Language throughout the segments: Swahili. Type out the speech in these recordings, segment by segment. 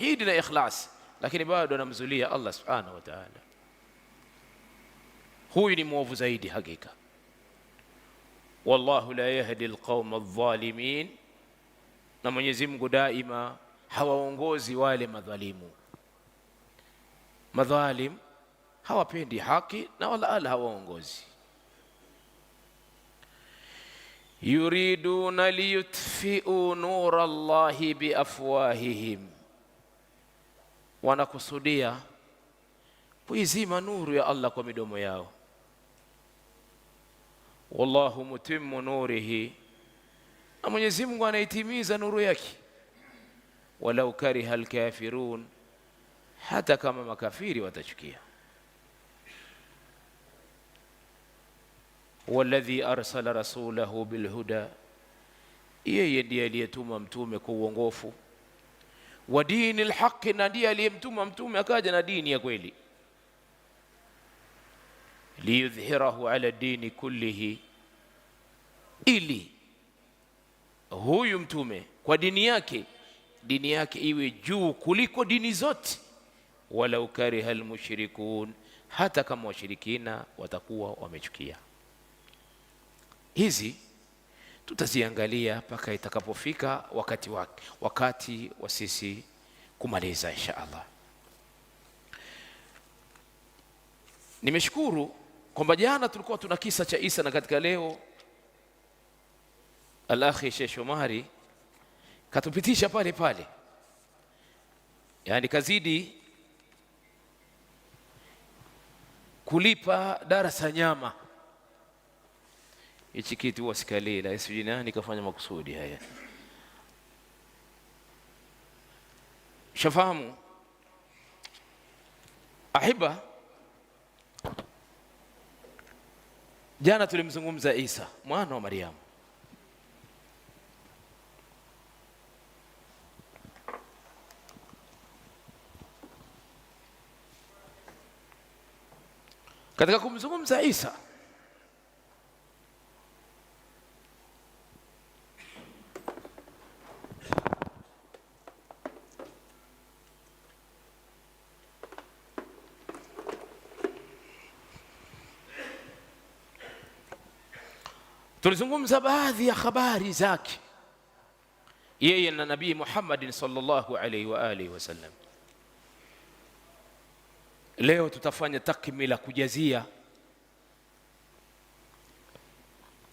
hidi na ikhlas, lakini bado anamzulia Allah subhanahu wa ta'ala. Huyu ni mwovu zaidi hakika. Wallahu la yahdi alqauma adh-dhalimin, na Mwenyezi Mungu daima hawaongozi wale madhalimu. Madhalim hawapendi haki na wala ala hawaongozi. yuriduna liyutfiu nura Allahi biafwahihim wanakusudia kuizima nuru ya Allah kwa midomo yao. Wallahu mutimmu nurihi, na Mwenyezi Mungu anaitimiza nuru yake. Walau kariha alkafirun, hata kama makafiri watachukia. Walladhi arsala rasulahu bilhuda, yeye ndiye aliyetuma mtume kwa uongofu wa dini lhaqi, na ndiye aliyemtuma mtume akaja na dini ya kweli. Liyudhhirahu ala dini kullihi, ili huyu mtume kwa dini yake dini yake iwe juu kuliko dini zote. walau kariha almushrikun, hata kama washirikina watakuwa wamechukia hizi tutaziangalia mpaka itakapofika wakati wa wakati wa sisi kumaliza insha Allah. Nimeshukuru kwamba jana tulikuwa tuna kisa cha Isa na katika leo al Sheikh Shomari katupitisha pale pale, yaani kazidi kulipa darasa nyama hichi kitu huwa sikalii na sijui nani nikafanya makusudi haya. Shafahamu ahiba, jana tulimzungumza Isa mwana wa Mariamu. Katika kumzungumza Isa Tulizungumza baadhi ya habari zake yeye na Nabii Muhammadin sallallahu alaihi wa alihi wasallam. Leo tutafanya takmila kujazia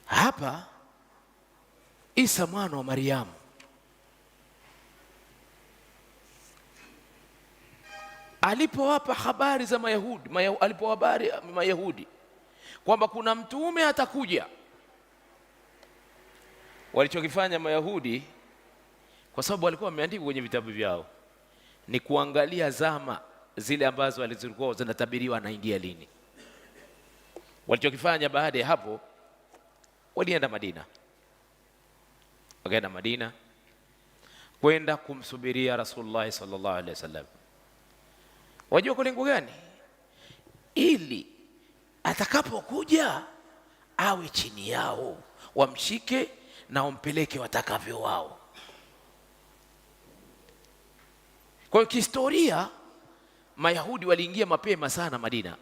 hapa. Isa mwana wa Mariamu alipowapa habari za Mayahudi, Mayahudi, Mayahudi kwamba kuna mtume atakuja Walichokifanya Mayahudi kwa sababu walikuwa wameandikwa kwenye vitabu vyao ni kuangalia zama zile ambazo walizikuwa zinatabiriwa anaingia lini. Walichokifanya baada ya hapo, walienda Madina, wakaenda Madina kwenda kumsubiria Rasulullah sallallahu alaihi wasallam. Wajua kwa lengo gani? Ili atakapokuja awe chini yao, wamshike na umpeleke watakavyo wao. Kwa hiyo kihistoria Mayahudi waliingia mapema sana Madina,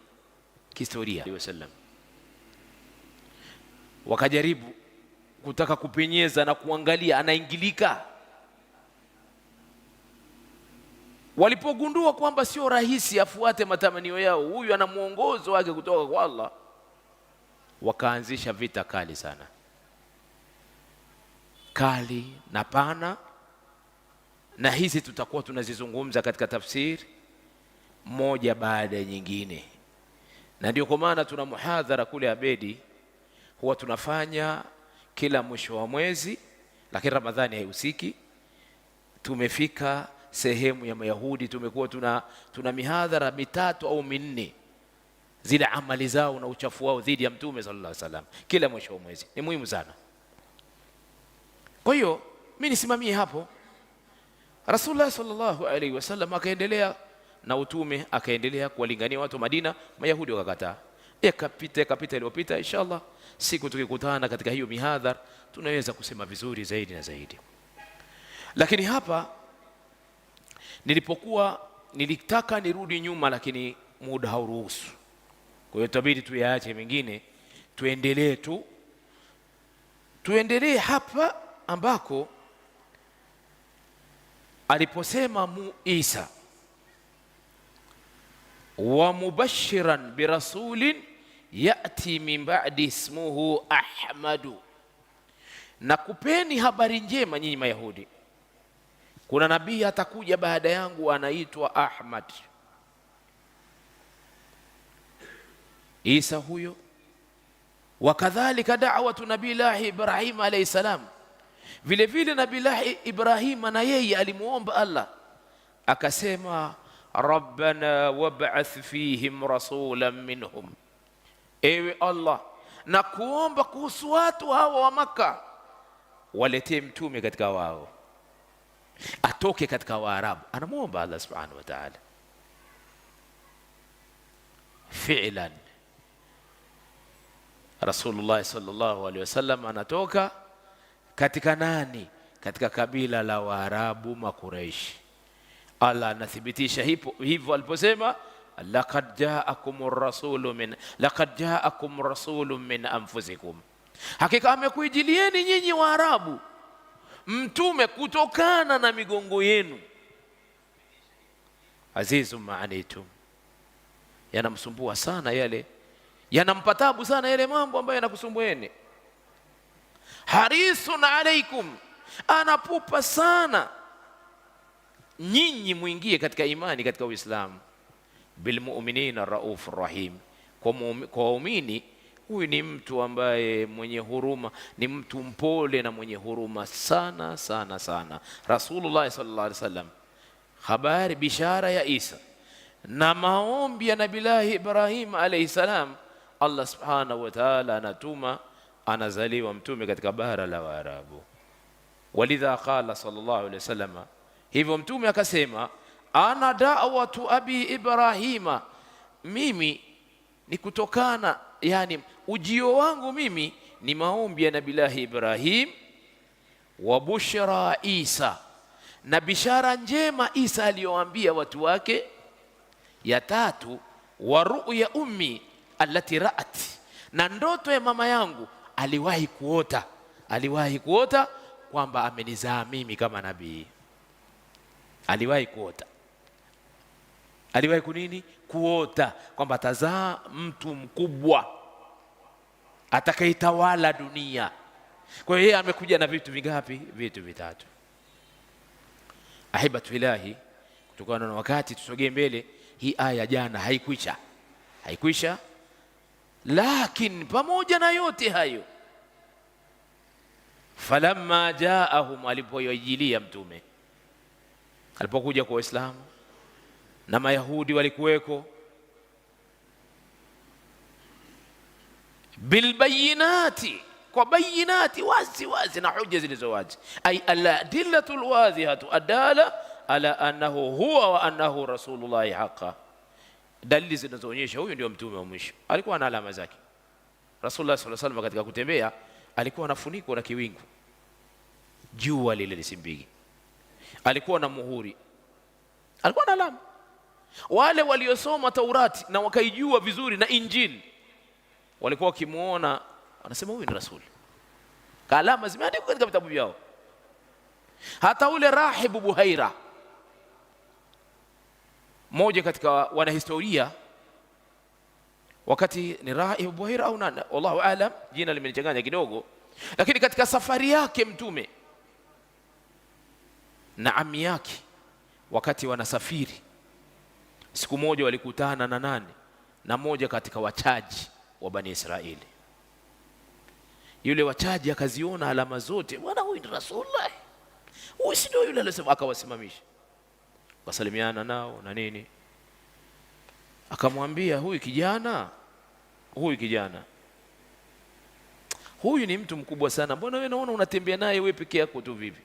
kihistoria wakajaribu kutaka kupenyeza na kuangalia anaingilika. Walipogundua kwamba sio rahisi afuate matamanio yao, huyu ana mwongozo wake kutoka kwa Allah, wakaanzisha vita kali sana kali na pana, na hizi tutakuwa tunazizungumza katika tafsiri moja baada ya nyingine, na ndio kwa maana tuna muhadhara kule Abedi huwa tunafanya kila mwisho wa mwezi, lakini Ramadhani haihusiki. Tumefika sehemu ya Mayahudi, tumekuwa tuna, tuna mihadhara mitatu au minne zile amali zao na uchafu wao dhidi ya Mtume sallallahu alaihi wasallam kila mwisho wa mwezi, ni muhimu sana. Kwa hiyo mimi nisimamie hapo. Rasulullah sallallahu alaihi wasallam akaendelea na utume, akaendelea kuwalingania watu Madina. Mayahudi wakakataa, yakapita yakapita, iliyopita. Inshallah siku tukikutana katika hiyo mihadhar, tunaweza kusema vizuri zaidi na zaidi, lakini hapa nilipokuwa nilitaka nirudi nyuma, lakini muda hauruhusu. Kwa hiyo tabidi tuyaache mengine, tuendelee tu tuendelee hapa ambako aliposema mu Isa wa mubashiran birasulin yati min ba'di ismuhu Ahmadu, na kupeni habari njema nyinyi Mayahudi, kuna nabii atakuja baada yangu anaitwa Ahmad. Isa huyo wakadhalika da'watu nabii lahi Ibrahim alayhi salam Vile vile lahi ibrahim na yeye alimuomba Allah akasema, rabbana wab'ath fihim rasulan minhum, ewe Allah, na kuomba kuhusu watu hawa wa Maka, waletee mtume katika wao, atoke katika Waarabu. Anamuomba Allah subhanahu wa ta'ala. Fi'lan Rasulullah sallallahu alaihi wasallam anatoka katika nani? Katika kabila la Waarabu Makureishi. Allah anathibitisha hivyo aliposema laqad jaakum rasulu min laqad jaakum rasulun min anfusikum, hakika amekuijilieni nyinyi Waarabu mtume kutokana na migongo yenu. Azizu maanitu yanamsumbua sana yale, yanampa sana yale mambo ambayo yanakusumbueni harisun alaikum, anapupa sana nyinyi mwingie katika imani katika Uislamu. Bilmuminina raufur rahim, kwa waumini huyu ni mtu ambaye mwenye huruma, ni mtu mpole na mwenye huruma sana sana sana. Rasulullah sallallahu alaihi wasallam, habari bishara ya Isa na maombi ya nabillahi Ibrahim alaihi salam, Allah subhanahu wa ta'ala anatuma anazaliwa mtume katika bara la Waarabu. Walidha qala sallallahu alayhi wasallam, hivyo mtume akasema, ana da'watu abi Ibrahima, mimi ni kutokana, yani ujio wangu mimi ni maombi ya nabilahi Ibrahim wa bushra Isa, na bishara njema Isa aliyoambia watu wake. Ya tatu wa ru'ya ummi allati ra'at, na ndoto ya mama yangu aliwahi kuota, aliwahi kuota kwamba amenizaa mimi kama nabii. Aliwahi kuota, aliwahi kunini? Kuota kwamba atazaa mtu mkubwa atakayetawala dunia. Kwa hiyo yeye amekuja na vitu vingapi? Vitu vitatu. Ahibatu ilahi, kutokana na wakati tusogee mbele. Hii aya jana haikwisha, haikwisha Lakin, pamoja na yote hayo, falamma jaahum, alipoyajilia Mtume alipokuja kwa Waislamu na Mayahudi walikuweko, bilbayinati, kwa bayinati wazi wazi na hujja zilizo wazi, ay aladillatu lwadhihatu adala ala annahu huwa wa annahu rasulullahi haqa dalili zinazoonyesha huyu ndio mtume wa mwisho. Alikuwa na alama zake. Rasulullah sallallahu alaihi wasallam katika kutembea alikuwa anafunikwa na kiwingu, jua lile lisimbigi. Alikuwa na muhuri, alikuwa na alama. Wale waliosoma Taurati na wakaijua vizuri na Injili walikuwa wakimwona wanasema huyu ni rasuli, kaalama zimeandikwa katika vitabu vyao. Hata ule rahibu Buhaira mmoja katika wanahistoria wakati ni Raib Buhaira au nani, wallahu alam, jina limenichanganya kidogo, lakini katika safari yake Mtume na ami yake wakati wanasafiri, siku moja walikutana na nani, na moja katika wachaji wa Bani Israeli. Yule wachaji akaziona alama zote, bwana, huyu ni Rasulullah, huyu si ndio yule aliyosema, akawasimamisha kasalimiana nao na nini, akamwambia huyu kijana, huyu kijana, huyu ni mtu mkubwa sana, mbona wewe naona unatembea naye wewe peke yako tu vipi?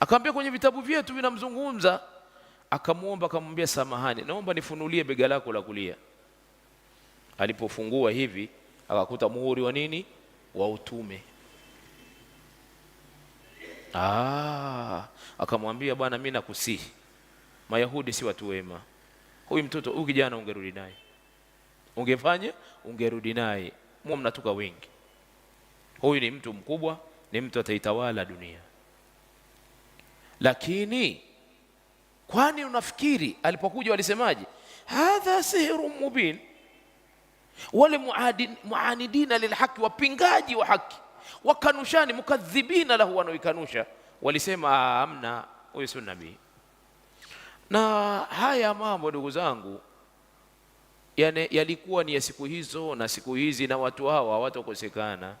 Akamwambia kwenye vitabu vyetu vinamzungumza. Akamwomba, akamwambia samahani, naomba nifunulie bega lako la kulia. Alipofungua hivi akakuta muhuri wa nini, wa utume Ah, akamwambia bwana, mimi nakusihi, Mayahudi si watu wema, huyu mtoto huyu kijana ungerudi naye, ungefanya ungerudi naye, mwa mnatuka wengi, huyu ni mtu mkubwa, ni mtu ataitawala dunia. Lakini kwani unafikiri alipokuja walisemaje? hadha sihru mubin, wale muanidina lilhaki wapingaji wa haki wakanushani, mukadhibina lahu, wanaoikanusha walisema amna, huyu sio nabii. Na haya mambo ndugu zangu yani, yalikuwa ni ya siku hizo na siku hizi, na watu hawa hawatokosekana.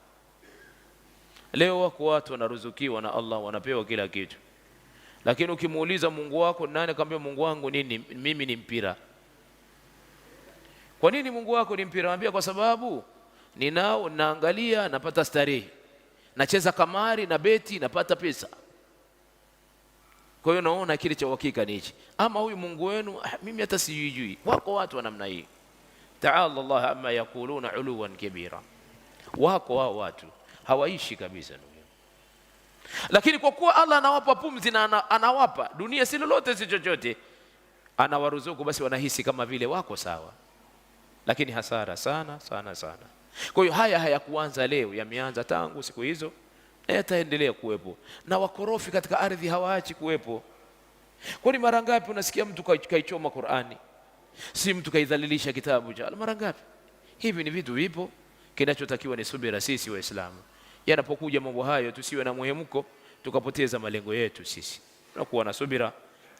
Leo wako watu wanaruzukiwa na Allah, wanapewa kila kitu, lakini ukimuuliza Mungu wako nani, akamwambia Mungu wangu nini, mimi ni mpira. Kwa nini Mungu wako ni mpira? Anambia kwa sababu ninao, naangalia, napata starehe, nacheza kamari na beti, napata pesa. Kwa hiyo naona kile cha uhakika ni hichi. Ama huyu Mungu wenu ah, mimi hata sijui. Wako watu wa namna hii, taala Allah amma yakuluna uluwan kabira. Wako hao watu hawaishi kabisa lakini kwa kuwa Allah anawapa pumzi na anawapa dunia si lolote si chochote, anawaruzuku basi wanahisi kama vile wako sawa, lakini hasara sana sana sana. Kwa hiyo haya hayakuanza leo, yameanza tangu siku hizo na yataendelea kuwepo, na wakorofi katika ardhi hawaachi kuwepo. Kwani mara ngapi unasikia mtu kaichoma Qur'ani, si mtu kaidhalilisha kitabu cha mara ngapi? Hivi ni vitu vipo, kinachotakiwa ni subira. Sisi Waislamu, yanapokuja mambo hayo, tusiwe na muhemuko tukapoteza malengo yetu. Sisi tunakuwa na subira.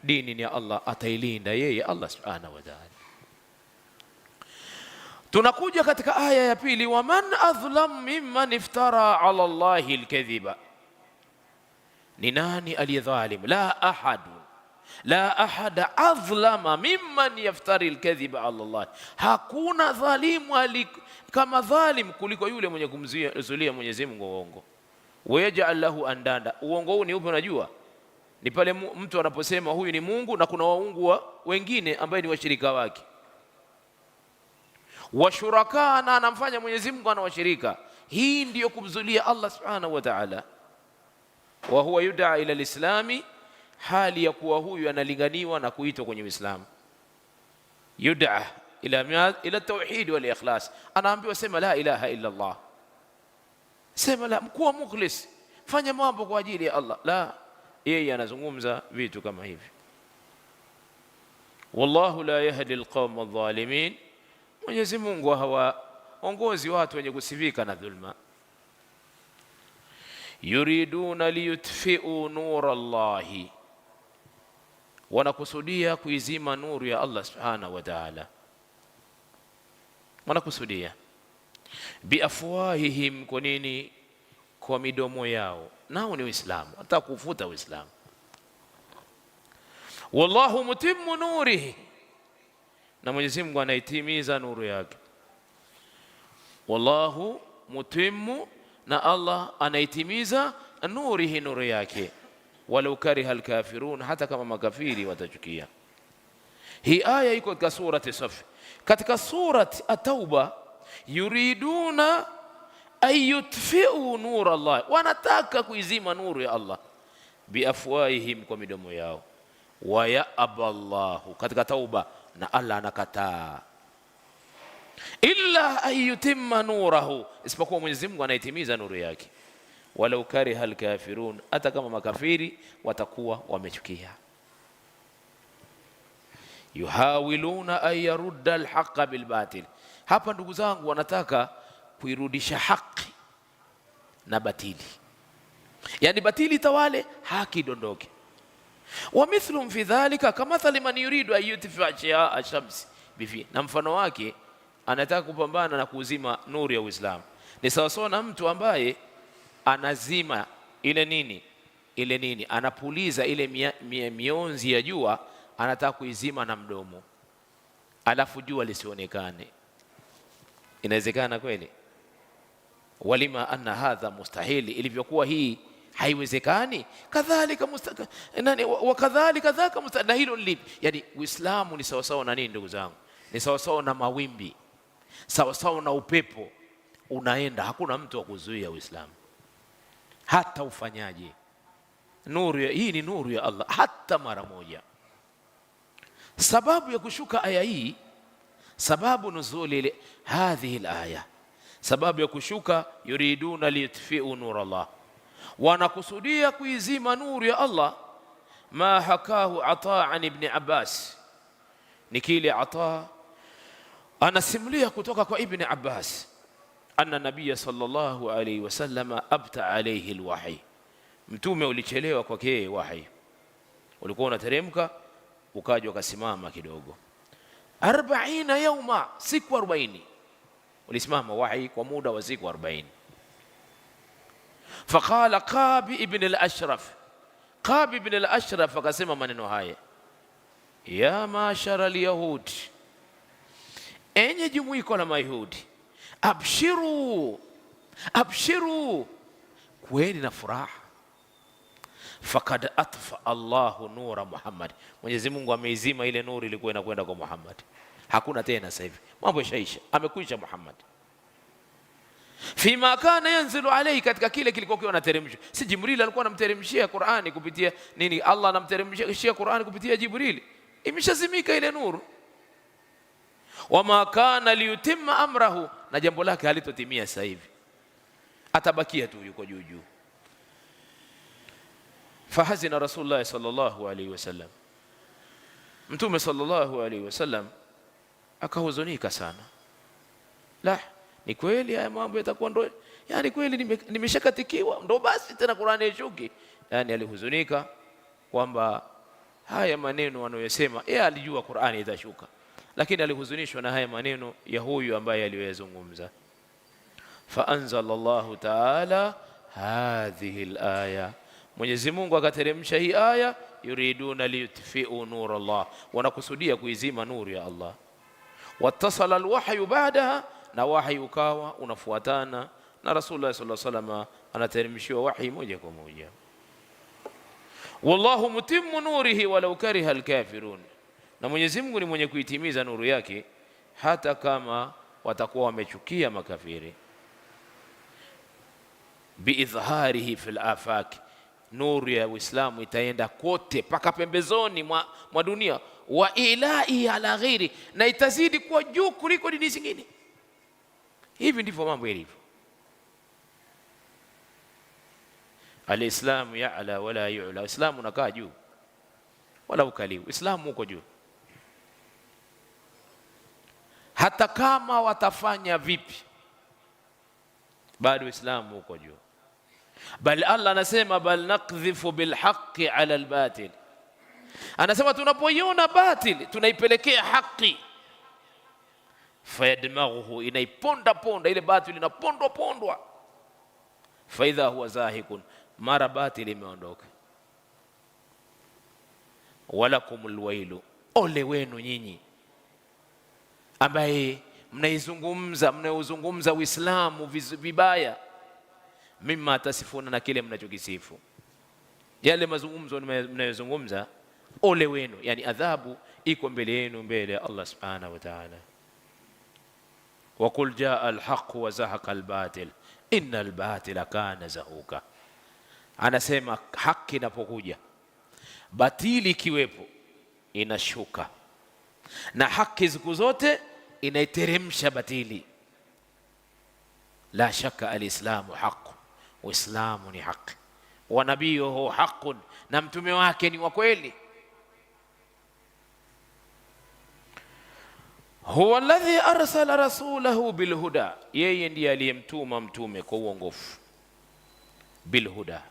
Dini ni ya Allah, atailinda yeye Allah subhanahu wa ta'ala. Tunakuja katika aya ya pili, waman adhlam mimman iftara ala llahi alkadhiba, ni nani aliyedhalim? La ahadu la ahada adhlama mimman yaftari alkadhiba ala Allah, hakuna dhalimu ali, kama dhalim kuliko yule mwenye kumzulia Mwenyezi Mungu uongo. Wayaj'al lahu andanda. Uongo huu ni upi? Unajua, ni pale mtu anaposema huyu ni Mungu na kuna waungu wengine ambaye ni washirika wake washuraka, na anamfanya Mwenyezi Mungu anawashirika. Hii ndiyo kumzulia Allah subhanahu wa ta'ala. Wa huwa yudaa ila lislami, hali ya kuwa huyu analinganiwa na kuitwa kwenye Uislamu. Yudaa ila ila tauhid wal ikhlas, anaambiwa sema la ilaha illa Allah, sema la, kuwa mukhlis, fanya mambo kwa ajili ya Allah. La, yeye anazungumza vitu kama hivi. Wallahu la yahdi alqawma adh-dhalimin. Mwenyezi Mungu hawaongozi watu wenye kusivika na dhulma. yuriduna liyutfiu nura llahi wanakusudia kuizima nuru ya Allah subhanahu wa ta'ala, wanakusudia biafwahihim. Kwa nini? Kwa midomo yao, nao ni Uislamu, wanataka kufuta Uislamu. wallahu mutimmu nurihi na Mwenyezi Mungu anaitimiza nuru yake. Wallahu mutimu, na Allah anaitimiza nurihi, nuru yake. Walau kariha alkafirun, hata kama makafiri watachukia. Hii aya iko katika surati Safi, katika surati atauba yuriduna an nur Allah, wanataka kuizima nuru ya Allah biafwaihim kwa midomo yao. Wayaba Allahu katika Tauba na Allah anakataa, illa ayutimma nurahu, isipokuwa Mwenyezi Mungu anaitimiza nuru yake, walau kariha alkafirun, hata kama makafiri watakuwa wamechukia. Yuhawiluna an yarudda alhaqa bilbatil, hapa ndugu zangu, wanataka kuirudisha haki na batili, yani batili tawale, haki dondoke wa fi dhalika kamathali man yuridu an yutfi'a ashamsi bifie, na mfano wake anataka kupambana na kuuzima nuru ya Uislamu ni sawasawa na mtu ambaye anazima ile nini ile nini, anapuliza ile mia, mia, mionzi ya jua, anataka kuizima na mdomo, alafu jua lisionekane. Inawezekana kweli? walima anna hadha mustahili, ilivyokuwa hii haiwezekani. Kadhalika nani, wa kadhalika dhaka na hilo lipi? Yani Uislamu ni sawasawa na nini, ndugu zangu? Ni sawasawa na mawimbi, sawasawa na upepo unaenda, hakuna mtu wa kuzuia Uislamu hata ufanyaje. Nuru hii ni nuru ya Allah hata mara moja. Sababu ya kushuka aya hii, sababu nuzuli hadhihi alaya, sababu ya kushuka yuriduna liyutfiu nur Allah wanakusudia kuizima nuru ya Allah. ma hakahu Ata an ibn Abbas, ni kile Ata anasimulia kutoka kwa Ibn Abbas, anna nabiya sallallahu alayhi wasallam abta alayhi alwahy, mtume ulichelewa kwake wahi, ulikuwa unateremka ukaja ukasimama kidogo. 40 yauma, siku 40 ulisimama wahi kwa muda wa siku 40 Faqala Qabi ibn al-Ashraf, Qabi ibn al-Ashraf akasema maneno haya, ya mashara al-yahudi, enye jumuiko la Mayahudi, abshiru abshiru, kweni na furaha Fakad atfa Allahu nura Muhammad, Mwenyezi Mungu ameizima ile nuru ilikuwa inakwenda kwa Muhammad. Hakuna tena sasa hivi, mambo yashaisha, amekwisha Muhammad fima kana yanzilu alayhi, katika kile kilikuwa kiwa anateremsha. Si Jibril alikuwa anamteremshia Qur'ani kupitia nini? Allah anamteremshia Qur'ani kupitia Jibril, imeshazimika ile nuru. Wama kana liyutimma amrahu, na jambo lake halitotimia sasa hivi, atabakia tu yuko juu juu. Fahazina Rasulullah sallallahu alayhi wasallam, Mtume sallallahu alayhi wasallam akahuzunika sana la ni kweli haya mambo yatakuwa ndo, yani kweli nimeshakatikiwa, ndo basi tena Qur'ani yashuki. Yani alihuzunika kwamba haya maneno anayosema yeye alijua Qur'ani itashuka, lakini alihuzunishwa na haya maneno ya huyu ambaye aliyoyazungumza. Fa anzalallahu taala hadhihi alaya, Mwenyezi Mungu akateremsha hii aya, yuriduna liyutfiu nur Allah, wanakusudia kuizima nuru ya Allah. Watasala alwahyu ba'daha na wahi ukawa unafuatana na Rasulullah sallallahu alaihi wasallam, anateremshiwa wahi moja kwa moja. Wallahu mutimmu nurihi walau kariha alkafirun, na Mwenyezi Mungu ni mwenye kuitimiza nuru yake hata kama watakuwa wamechukia makafiri. Biidhharihi fil afaki, nuru ya Uislamu itaenda kote mpaka pembezoni mwa, mwa dunia. Wa ilaihi ala ghairi, na itazidi kuwa juu kuliko dini zingine. Hivi ndivyo mambo yalivyo. Alislamu ya'la wala yu'la, Uislamu unakaa juu wala ukali, Uislamu uko juu. Hata kama watafanya vipi, bado Uislamu uko juu. Bal Allah anasema, bal nakdhifu bilhaqi ala albatil, anasema tunapoiona batil tunaipelekea haki fayadmaghuhu, inaiponda ponda ile batili inapondwa pondwa, faidha huwa zahikun, mara batili imeondoka. Walakumul wailu, ole wenu nyinyi ambaye mnaizungumza mnaozungumza Uislamu vibaya, mima tasifuna, na kile mnachokisifu. Yale mazungumzo mnayozungumza, ole wenu, yani adhabu iko mbele yenu, mbele ya Allah subhanahu wa ta'ala wa qul jaa alhaqu wa zahaqa albatil inna albatila kana zahuka. Anasema haki inapokuja batili ikiwepo inashuka, na haki siku zote inaiteremsha batili. La shaka alislamu haqu, Uislamu ni haqi wa nabiyuhu haqun, na mtume wake ni wa kweli. huwa alladhi arsala rasulahu bilhuda, yeye ndiye aliyemtuma mtume kwa uongofu. Bilhuda,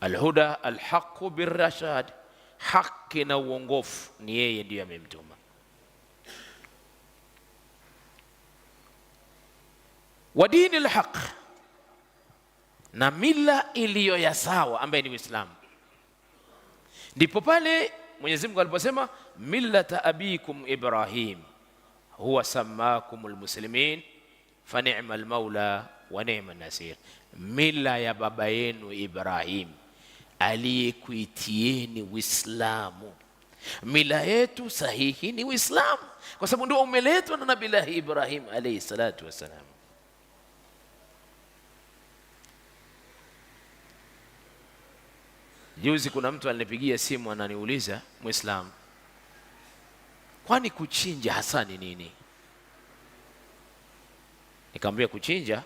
alhuda alhaqu birrashad, haki na uongofu, ni yeye ndiye amemtuma. Wa dini alhaq, na mila iliyo ya sawa, ambaye ni Uislamu. Ndipo pale Mwenyezi Mungu aliposema millata abikum Ibrahim huwa samakum muslimin fanima ni'mal maula wa ni'man nasir, mila ya baba yenu Ibrahim aliyekuitieni Uislamu. Mila yetu sahihi ni Uislamu, kwa sababu ndio umeletwa na nabillahi Ibrahim alayhi salatu wassalam. Juzi kuna mtu alinipigia simu ananiuliza, Muislamu, kwani kuchinja hasa ni nini? Nikamwambia kuchinja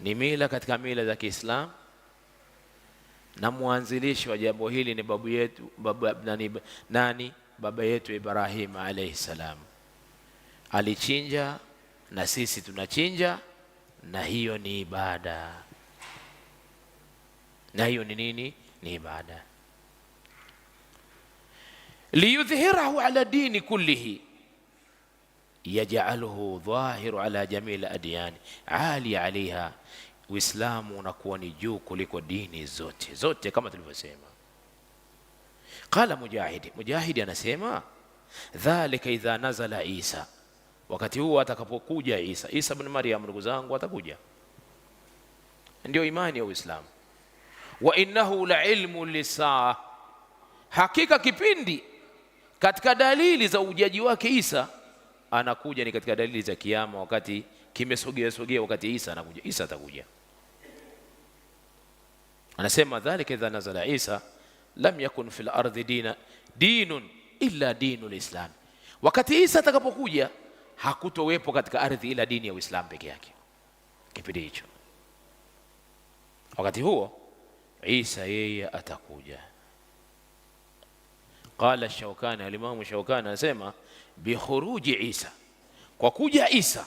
ni mila katika mila za Kiislamu na mwanzilishi wa jambo hili ni babu yetu babu, nani, nani baba yetu Ibrahim alayhi salam alichinja, na sisi tunachinja, na hiyo ni ibada na hiyo ni nini? Ni ibada. liyudhhirahu ala dini kullihi yajaluhu dhahiru ala jamii ladyani ali alaiha, Uislamu unakuwa ni juu kuliko dini zote zote, kama tulivyosema. Qala Mujahidi, Mujahidi anasema dhalika idha nazala Isa, wakati huo atakapokuja Isa, Isa bin Maryam, ndugu zangu, atakuja. Ndio imani ya Uislamu wa innahu la ilmu lisaa, hakika kipindi katika dalili za ujaji wake Isa anakuja ni katika dalili za Kiyama, wakati kimesogea sogea, wakati Isa anakuja, Isa atakuja. Anasema dhalika idha nazala Isa lam yakun fil ardi dina dinun illa dinu lislam, wakati Isa atakapokuja hakutowepo katika ardhi ila dini ya Uislamu peke yake kipindi hicho, wakati huo Isa yeye atakuja. Qala Shaukani, alimamu Shaukani anasema bikhuruji Isa, kwa kuja Isa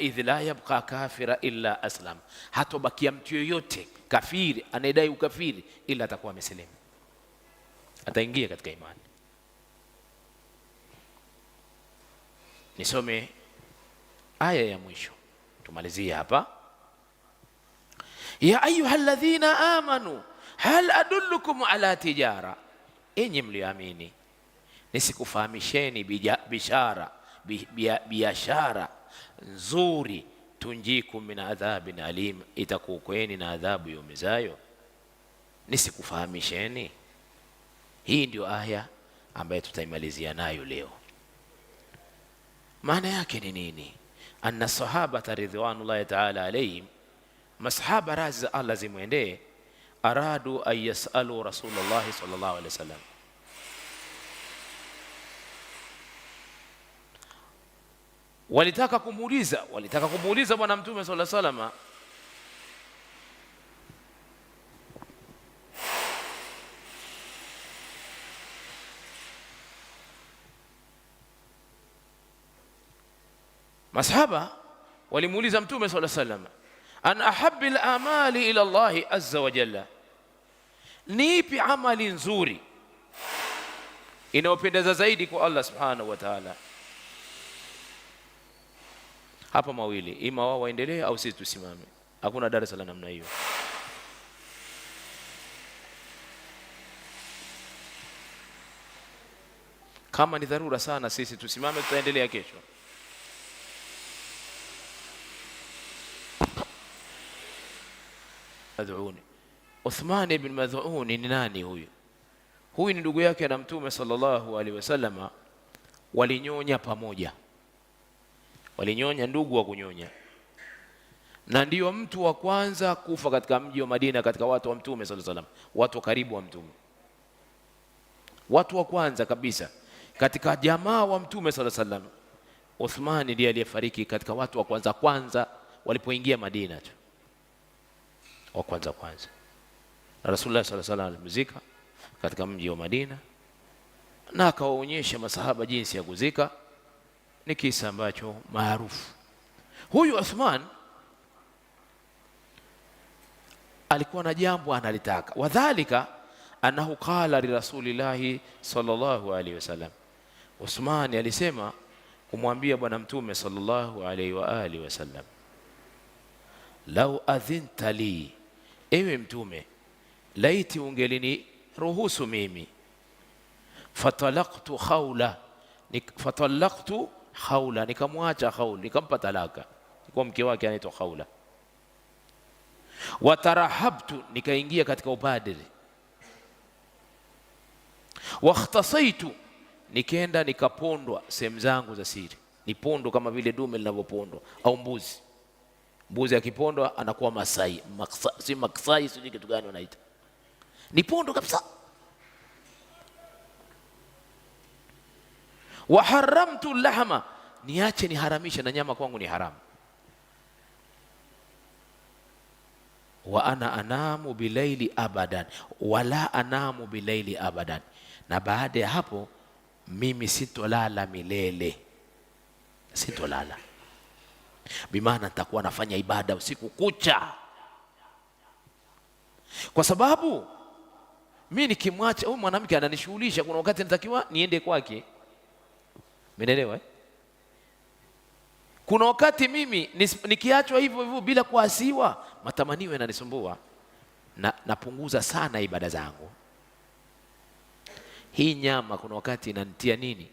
idh la yabqa kafira illa aslam, hatobakia mtu yoyote kafiri anayedai ukafiri ila atakuwa amesilimu, ataingia katika imani. Nisome aya ya mwisho tumalizie hapa ya ayuha alladhina amanu hal adullukum ala tijara, enyi mlioamini nisikufahamisheni bishara biashara nzuri, tunjiku min adhabin alim, itakuokoeni na adhabu yumizayo Nisikufahamisheni. Hii ndio aya ambayo tutaimalizia nayo leo. Maana yake ni nini? Anna sahabata ridwanullahi taala alaihim masahaba razi za Allah zimwendee, aradu an yasalu rasulullahi sallallahu alaihi wasallam, walitaka kumuuliza walitaka kumuuliza Bwana Mtume sallallahu alaihi wasallam Masahaba walimuuliza Mtume sallallahu alaihi wasallam an ahabbi lamali ila llahi azza wa jalla, ni ipi amali nzuri inayopendeza zaidi kwa Allah subhanahu wa ta'ala? Hapa mawili, ima wao waendelee au sisi tusimame. Hakuna darasa la namna hiyo. Kama ni dharura sana, sisi tusimame, tutaendelea kesho. Madhuni. Uthman ibn Madhuni ni nani huyu? Huyu ni ndugu yake na Mtume sallallahu alaihi wasallama, walinyonya pamoja, walinyonya ndugu wa kunyonya, na ndiyo mtu wa kwanza kufa katika mji wa Madina katika watu wa Mtume sallallahu alaihi wasallam, watu karibu wa Mtume, watu wa kwanza kabisa katika jamaa wa Mtume sallallahu alaihi wasallam. Uthmani ndiye aliyefariki katika watu wa kwanza kwanza walipoingia Madina tu wa kwanza kwanza. Rasulullah sallallahu alaihi wasallam alimzika katika mji wa Madina na akawaonyesha masahaba jinsi ya kuzika. Ni kisa ambacho maarufu. Huyu Uthman alikuwa na jambo analitaka, wadhalika annahu qala lirasulillahi sallallahu alaihi wasallam, Uthmani alisema kumwambia Bwana Mtume sallallahu alaihi wa alihi wasallam, lau adhinta li ewe Mtume, laiti ungelini ruhusu mimi. Fatalaktu haula fatalaktu haula, nikamwacha Haul, nikampa talaka. Kwa mke wake anaitwa Haula. Watarahabtu, nikaingia katika upadri Wakhtasaitu, nikaenda nikapondwa sehemu zangu za siri, nipondo kama vile dume linavyopondwa au mbuzi Mbuzi akipondwa anakuwa Masai, si Maksai, sijui kitu gani wanaita, ni pondo kabisa. Waharamtu lahma, niache niharamishe na nyama kwangu ni haramu. Wa ana anamu bilaili abadan, wala anamu bilaili abadan, na baada ya hapo mimi sitolala milele, sitolala bimaana nitakuwa nafanya ibada usiku kucha, kwa sababu mi nikimwacha huyu mwanamke ananishughulisha, kuna wakati natakiwa niende kwake, menelewa eh? Kuna wakati mimi nikiachwa hivyo hivyo bila kuasiwa, matamanio yananisumbua na napunguza sana ibada zangu. Hii nyama kuna wakati inanitia nini,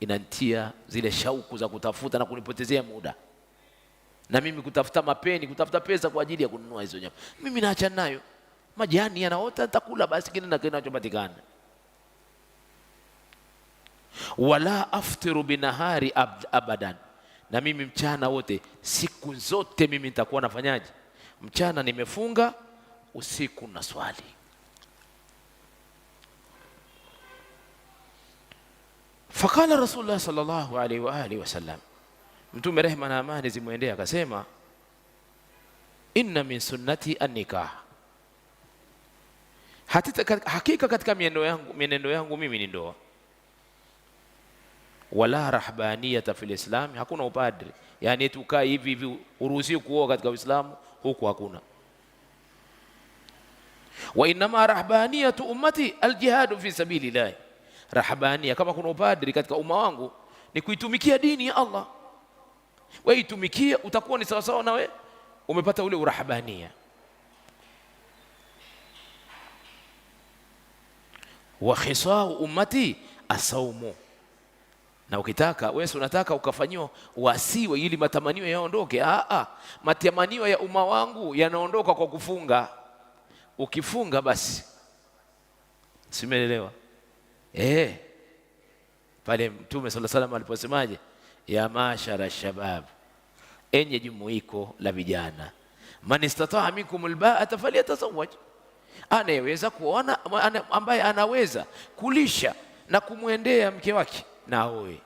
inanitia zile shauku za kutafuta na kunipotezea muda na mimi kutafuta mapeni, kutafuta pesa kwa ajili ya kununua hizo nyama, mimi naacha nayo. Majani yanaota, nitakula basi kile kinachopatikana. Wala aftiru binahari abadan, na mimi mchana wote, siku zote mimi nitakuwa nafanyaje? Mchana nimefunga, usiku na swali. Fakala Rasulullah sallallahu alaihi wa alihi wasallam Mtume rehma na amani zimwendee akasema, inna min sunnati annikah, hakika katika mienendo yangu, mienendo yangu mimi ni ndoa. Wala rahbaniyata fil Islam, hakuna upadri, yaani tukae hivi hivi uruhusi kuoa katika Uislamu huku hakuna. Wa innama rahbaniyatu ummati aljihadu fi sabilillahi, rahbania, kama kuna upadri katika umma wangu ni kuitumikia dini ya Allah wewe itumikie, utakuwa ni sawasawa nawe umepata ule urahabania. wa khisau ummati asaumu. Na ukitaka wewe unataka ukafanyiwa wasiwe ili matamanio yaondoke. matamanio ya umma wangu yanaondoka kwa kufunga. Ukifunga basi simeelewa eh, pale Mtume sallallahu alaihi wasallam aliposemaje? ya mashara shabab, enye jumuiko la vijana, man istataa minkum albaa falyatazawaj, anayeweza kuona, ambaye anaweza kulisha na kumwendea mke wake na aoe.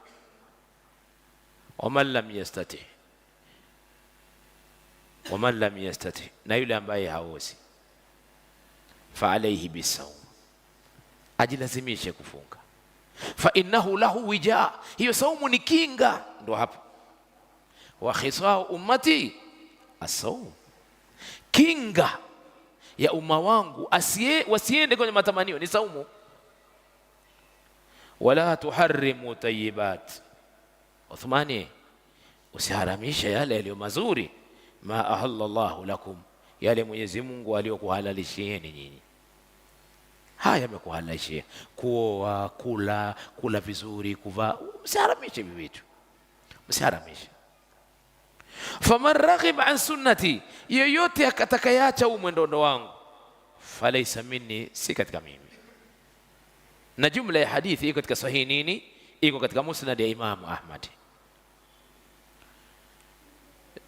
Waman lam yastati, waman lam yastati, na yule ambaye haozi, fa alayhi bisawm, ajilazimishe kufunga fa innahu lahu wija hiyo saumu ni kinga. Ndo hapo wa khisau ummati asaumu, kinga ya umma wangu asiye wasiende kwenye matamanio ni saumu. Wala tuharimu tayibat, Uthmani, usiharamishe yale yaliyo mazuri. Ma ahalla Allahu lakum, yale Mwenyezi Mungu aliyokuhalalishieni nyinyi haya yamekuwa yanaishia kuoa, kula, kula vizuri, kuvaa. Msiharamishe hivi vitu, msiharamishe. faman raghib an sunnati, yeyote akatakayeacha huu mwendondo wangu, falaisa minni, si katika mimi. Na jumla ya hadithi iko katika sahihi nini, iko katika musnad ya Imamu Ahmad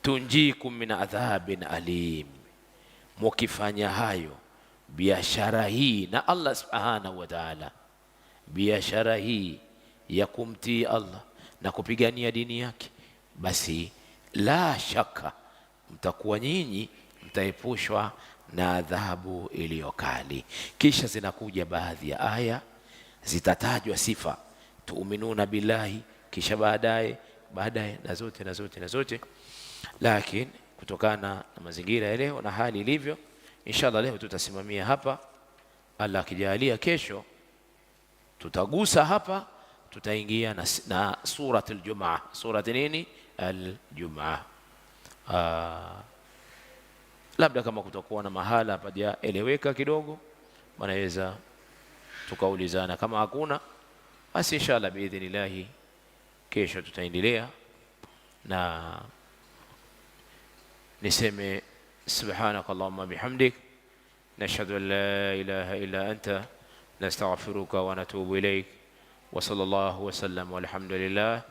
tunjikum min adhabin alim, mukifanya hayo biashara hii na Allah subhanahu wa ta'ala, biashara hii ya kumtii Allah na kupigania dini yake, basi la shaka mtakuwa nyinyi mtaepushwa na adhabu iliyokali. Kisha zinakuja baadhi ya aya zitatajwa sifa tuuminuna billahi, kisha baadaye baadaye na zote na zote na zote, lakini kutokana na mazingira ya leo na hali ilivyo Inshallah leo tutasimamia hapa, Allah akijalia kesho tutagusa hapa, tutaingia na, na surati aljumaa. Surati nini? Aljumaa. Ah, labda kama kutakuwa na mahala pajaeleweka kidogo, manaweza tukaulizana. Kama hakuna basi, inshallah biidhnillahi, kesho tutaendelea na niseme سبحانك اللهم بحمدك نشهد أن لا إله إلا أنت نستغفرك ونتوب إليك وصلى الله وسلم والحمد لله